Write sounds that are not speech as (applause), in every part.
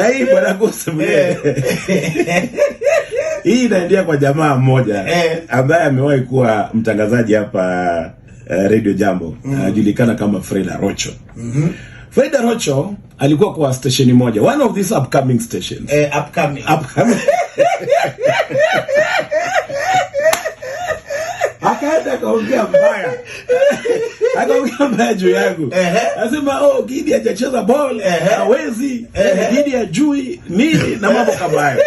Eh. (laughs) hii bwana Hii inaendea kwa jamaa mmoja eh. ambaye amewahi kuwa mtangazaji hapa uh, Radio Jambo mm-hmm. anajulikana mm kama Freda Rocho. Mhm. Mm Freda Rocho alikuwa kwa stesheni moja, one of these upcoming stations. Eh, upcoming. Upcoming. (laughs) akaenda akaongea mbaya, (laughs) akaongea mbaya juu yangu, anasema oh, Gidi hajacheza ball, hawezi Gidi ajui nini na mambo kabayo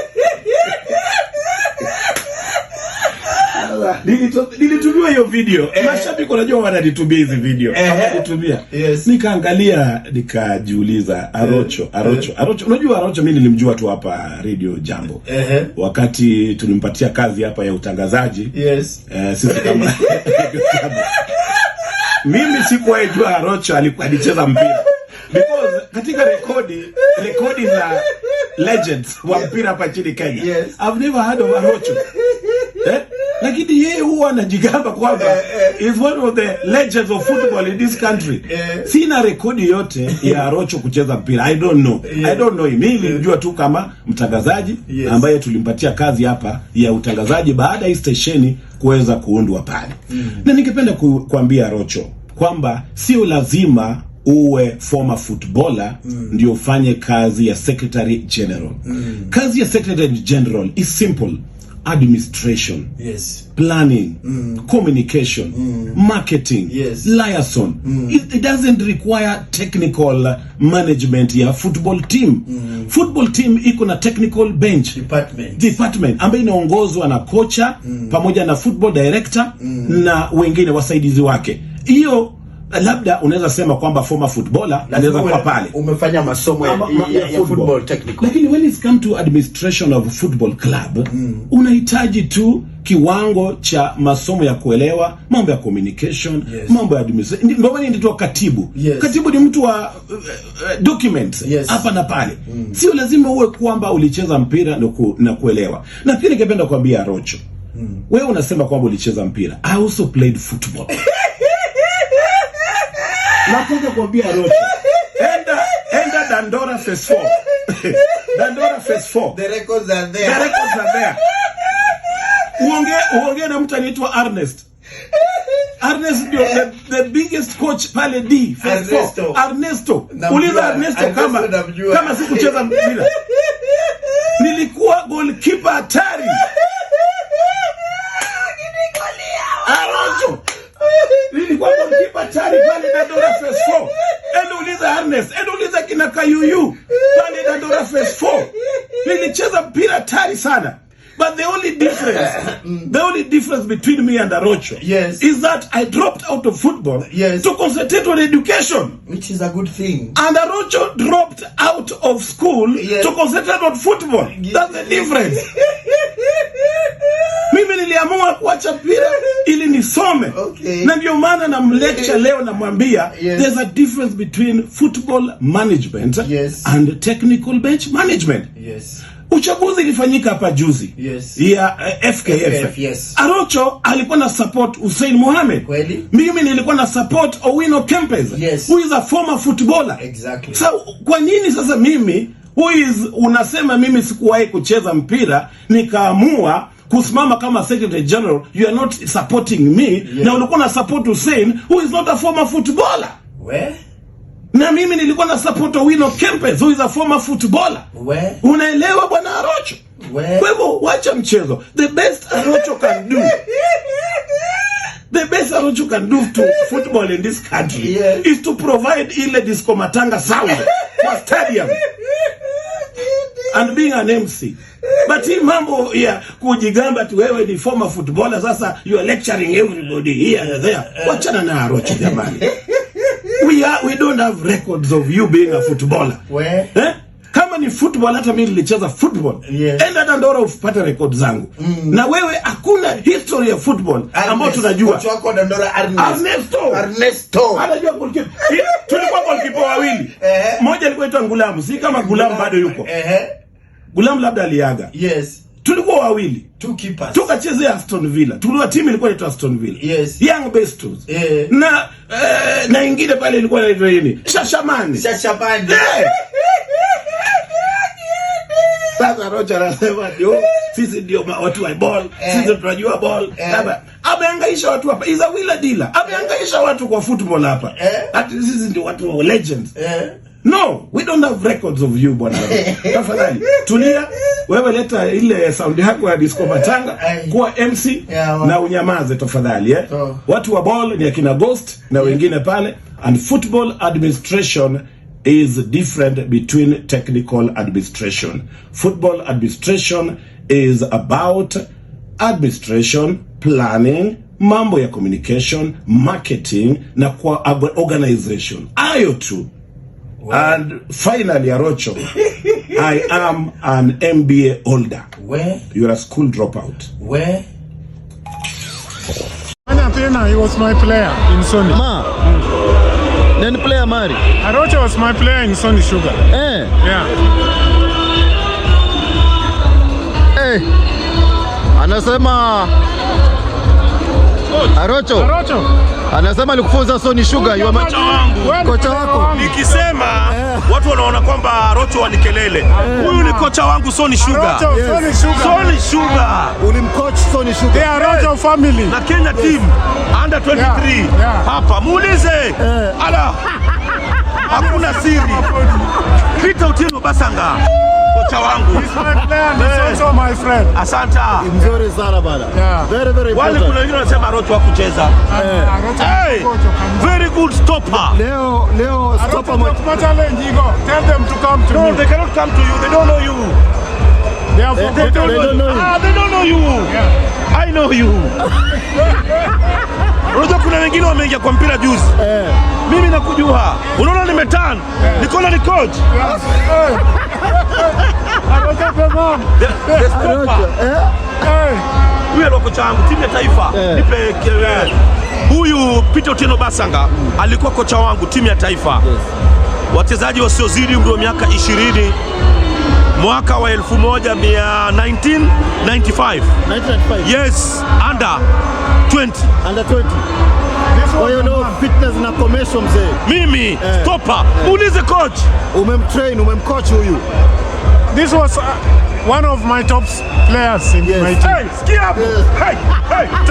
kwanza nilitumiwa hiyo video eh. Mashabiki unajua wananitumia hizi video eh. Yes. Nikaangalia nikajiuliza, Arocho eh. Arocho eh. Arocho unajua Arocho mimi nilimjua tu hapa Radio Jambo eh. Wakati tulimpatia kazi hapa ya utangazaji yes. Eh, sisi kama (laughs) mimi sikuwahi jua Arocho alikuwa alicheza mpira because katika rekodi rekodi za legends wa mpira hapa nchini Kenya yes. I've never heard of Arocho lakini yeye huwa anajigamba kwamba is eh, eh. one of the legends of football in this country. Eh, Sina rekodi yote ya (laughs) Rocho kucheza mpira. I don't know. I don't know Mimi nilijua tu kama mtangazaji ambaye tulimpatia kazi hapa ya utangazaji baada ya stesheni kuweza kuundwa pale. Mm. Na ningependa kuambia Rocho kwamba sio lazima uwe former footballer mm. ndio ufanye kazi ya secretary general mm. Kazi ya secretary general is simple administration yes planning mm. communication mm. marketing yes liaison mm. it, it doesn't require technical management ya football team mm. football team iko na technical bench department department ambayo inaongozwa na kocha mm. pamoja na football director mm. na wengine wasaidizi wake hiyo Eh, labda unaweza sema kwamba former footballer anaweza kuwa pale umefanya masomo ya, ya, ya, ya football, football technical, lakini when it come to administration of football club mm, unahitaji tu kiwango cha masomo ya kuelewa mambo ya communication yes, mambo ya administration. Ndio maana ndio katibu yes, katibu ni mtu wa uh, eh, eh, document hapa yes, na pale mm, sio lazima uwe kwamba ulicheza mpira na, ku, na kuelewa. Na pia ningependa kuambia Rocho, mm, wewe unasema kwamba ulicheza mpira, I also played football (laughs) Nataka kuambia Rote. Enda enda Dandora phase 4. (laughs) Dandora phase 4. The records are there. The records are there. Uonge uonge na mtu anaitwa Ernest. Ernest ndio the, the biggest coach pale D phase 4. Ernesto. Uliza Ernesto kama kama sikucheza mpira. (laughs) Nilikuwa goalkeeper hatari. aliuliza Ernest, aliuliza kina Kayuyu pale Dandora Phase 4. Nilicheza mpira hatari sana. But the only difference, (coughs) the only difference between me and Arocho yes. is that I dropped out of football yes. to concentrate on education. Which is a good thing. And Arocho dropped out of school yes. to concentrate on football. Yes. That's the difference. (laughs) Mimi niliamua kuacha mpira ili nisome okay. Na ndio maana namlecha (laughs) leo namwambia yes. There's a difference between football management yes. and technical bench management yes. Uchaguzi ilifanyika hapa juzi yes. ya uh, eh, FKF, FKF yes. Arocho alikuwa na support Hussein Mohamed, mimi nilikuwa na support Owino Kempes yes. who is a former footballer exactly. So kwa nini sasa mimi who is unasema mimi sikuwahi kucheza mpira nikaamua kusimama kama secretary general, you are not supporting me yeah. Na ulikuwa na support Hussein who is not a former footballer we na mimi nilikuwa na support Owino Kempes who is a former footballer we. Unaelewa bwana Arocho? Kwa hivyo wacha mchezo, the best Arocho can do (laughs) The best Arocho can do to football in this country yes, is to provide ile disco matanga sound kwa stadium and being an MC. But hii mambo ya kujigamba tu wewe ni former footballer, sasa you are lecturing everybody here and there. Wachana na Arochi jamani. We are, we don't have records of you being a footballer. Where? Eh? Kama ni football hata mimi nilicheza football. Yes. Enda Dandora upate record zangu. Mm. Na wewe hakuna history ya football ambayo tunajua. Kocha wako Dandora Ernesto. Ernesto. Anajua goalkeeper. Tulikuwa goalkeeper wawili. Mmoja eh. alikuwa aitwa Ngulamu, si kama Ngulamu bado yuko. Ehe. Eh. Gulam labda aliaga. Yes. Tulikuwa wawili. Two keepers. Tukachezea Aston Villa. Tulikuwa timu ilikuwa inaitwa Aston Villa. Yes. Young Bestos. Eh. Na eh, na ingine pale ilikuwa inaitwa nini? Shashamani. Shashamani. Yeah. Sasa Rocha anasema ndio sisi ndio watu wa ball, eh, sisi tunajua ball. Eh. Labda ameangaisha watu hapa. Is a willa dealer. Ameangaisha watu kwa football hapa. Eh. Ati sisi ndio watu wa legends. Eh. No, we don't have records of you bwana. (laughs) Tafadhali tulia, wewe leta ile saundi yako ya disco matanga kuwa MC na unyamaze tafadhali eh? Oh. Watu wa ball ni akina Ghost na wengine pale and football administration is different between technical administration. Football administration is about administration, planning, mambo ya communication, marketing na kwa organization. Ayo tu. Wow. And finally, Arocho, I am an MBA holder. Where? You're a school dropout. Where? Anapena, he was my player in Sony. Ma. Mm. Then player Mari. Arocho was my player in Sony Sugar. Eh. Yeah. Hey. Eh. Anasema Arocho. Arocho. Anasema alikufunza so ni sugar yuma... kocha wangu, kocha wako nikisema Watu wanaona kwamba Rocho wa ni kelele. Huyu ni kocha wangu so ni sugar. Yes. So ni sugar. Ulimcoach so ni sugar. Yeah, Rocho family. Na Kenya team under 23. Yeah. Yeah. Hapa muulize. Yeah. Ala. (laughs) Hakuna siri. Peter Otieno Basanga kocha wangu. my friend. Asante. Mzuri sana bana. Very very good. Wale kuna wengine wanasema Rocho wa kucheza. Ah, eh. ah, hey. Very good stopper. Leo leo ah, stopper challenge iko. Tell them to come to me. No, they cannot come to you. They don't know you. They, are from they, don't, they don't know you. Ah, they don't know you. Yeah. I know you. (laughs) Unajua kuna wengine wameingia kwa mpira juzi. Eh. Mimi nakujua. Unaona nimetan. Eh. Nikola ni coach huyu aloko changu timu ya taifa nipe huyu Peter Otieno Basanga alikuwa kocha wangu timu ya taifa yes. Wachezaji wasiozidi umri wa miaka 20 mwaka wa 1995 1995 yes under 20 under 20 kwa hiyo leo fitness na commercial mzee. Mimi eh. stopa, muulize coach. Umemtrain, umemcoach huyu. this was uh, one of my top players in yes. my team. Hey, ski up! Yes. Hey, hey.